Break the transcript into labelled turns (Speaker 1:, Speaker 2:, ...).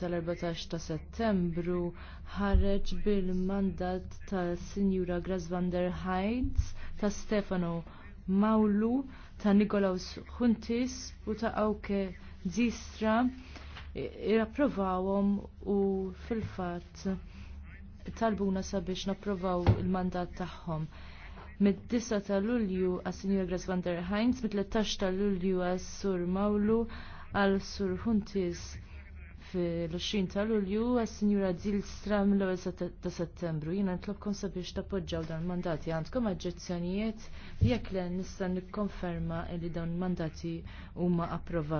Speaker 1: tal-14 ta' settembru ħareġ bil-mandat ta' Sinjura Gras van der Heinz, ta' Stefano Mawlu, ta' Nikolaus Huntis u ta' Awke Zistra irrapprovawhom u fil-fatt talbuna sabiex napprovaw il-mandat tagħhom. Mid-9 ta' Lulju għas-Sinjur Gras van der Heinz, mid-13 ta' Lulju għas-Sur Mawlu għal-Sur Huntis fil-20 ta' Lulju għas-Sinjura Dilstra mill-1 ta' Settembru. Jina nitlobkom sabiex tappoġġaw dan mandati għandkom aġġezzjonijiet jekk le nista' nikkonferma li
Speaker 2: dawn mandati huma approvati.